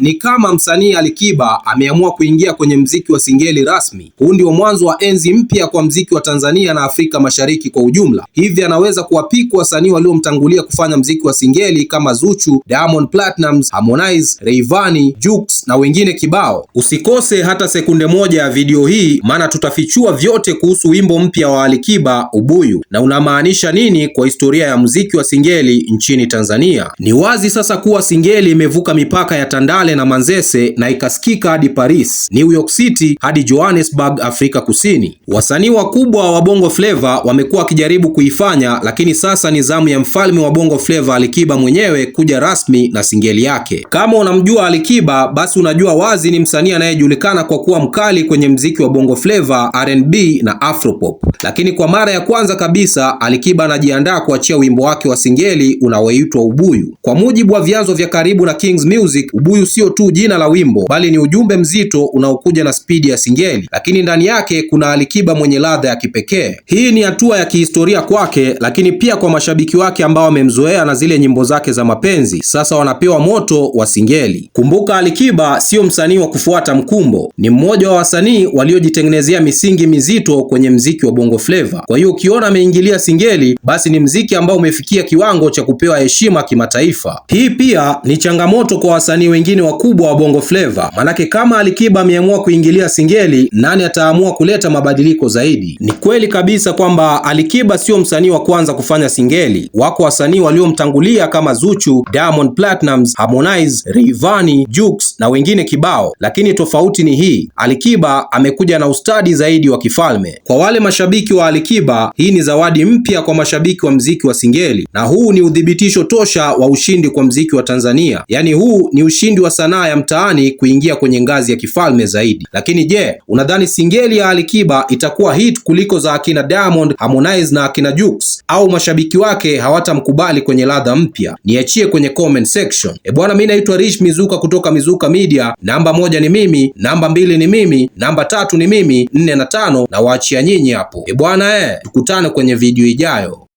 Ni kama msanii Alikiba ameamua kuingia kwenye mziki wa singeli rasmi. Huu ndio mwanzo wa enzi mpya kwa mziki wa Tanzania na Afrika Mashariki kwa ujumla, hivi anaweza kuwapiku wasanii waliomtangulia kufanya mziki wa singeli kama Zuchu, Diamond Platnumz, Harmonize, Rayvanny, Jux na wengine kibao. Usikose hata sekunde moja ya video hii, maana tutafichua vyote kuhusu wimbo mpya wa Alikiba Ubuyu na unamaanisha nini kwa historia ya mziki wa singeli nchini Tanzania. Ni wazi sasa kuwa singeli imevuka mipaka ya Tandale Berkane na Manzese na ikasikika hadi Paris, New York City hadi Johannesburg, Afrika Kusini. Wasanii wakubwa wa Bongo Flava wamekuwa wakijaribu kuifanya, lakini sasa ni zamu ya mfalme wa Bongo Flava Alikiba mwenyewe kuja rasmi na singeli yake. Kama unamjua Alikiba, basi unajua wazi ni msanii anayejulikana kwa kuwa mkali kwenye mziki wa Bongo Flava, R&B na Afropop. Lakini kwa mara ya kwanza kabisa Alikiba anajiandaa kuachia wimbo wake wa singeli unaoitwa Ubuyu. Kwa mujibu wa vyanzo vya karibu na Kings Music, Ubuyu si sio tu jina la wimbo, bali ni ujumbe mzito unaokuja na spidi ya singeli, lakini ndani yake kuna Alikiba mwenye ladha ya kipekee. Hii ni hatua ya kihistoria kwake, lakini pia kwa mashabiki wake ambao wamemzoea na zile nyimbo zake za mapenzi, sasa wanapewa moto wa singeli. Kumbuka, Alikiba sio msanii wa kufuata mkumbo, ni mmoja wa wasanii waliojitengenezea misingi mizito kwenye mziki wa Bongo Flava. Kwa hiyo ukiona ameingilia singeli, basi ni mziki ambao umefikia kiwango cha kupewa heshima kimataifa. Hii pia ni changamoto kwa wasanii wengine wa wakubwa wa Bongo Flava, manake kama Alikiba ameamua kuingilia singeli, nani ataamua kuleta mabadiliko zaidi? Ni kweli kabisa kwamba Alikiba sio msanii wa kwanza kufanya singeli, wako wasanii waliomtangulia kama Zuchu, Diamond Platnumz, Harmonize, Rayvanny, Jux na wengine kibao, lakini tofauti ni hii, Alikiba amekuja na ustadi zaidi wa kifalme. Kwa wale mashabiki wa Alikiba, hii ni zawadi mpya kwa mashabiki wa mziki wa singeli, na huu ni udhibitisho tosha wa ushindi kwa mziki wa Tanzania, yaani huu ni ushindi wa sanaa ya mtaani kuingia kwenye ngazi ya kifalme zaidi. Lakini je, unadhani singeli ya Alikiba itakuwa hit kuliko za akina Diamond, Harmonize na akina Jux au mashabiki wake hawatamkubali kwenye ladha mpya? Niachie kwenye comment section. E bwana, mimi naitwa Rich Mizuka kutoka Mizuka Media. Namba moja ni mimi, namba mbili ni mimi, namba tatu ni mimi, nne na tano na waachia nyinyi hapo. E bwana, eh, tukutane kwenye video ijayo.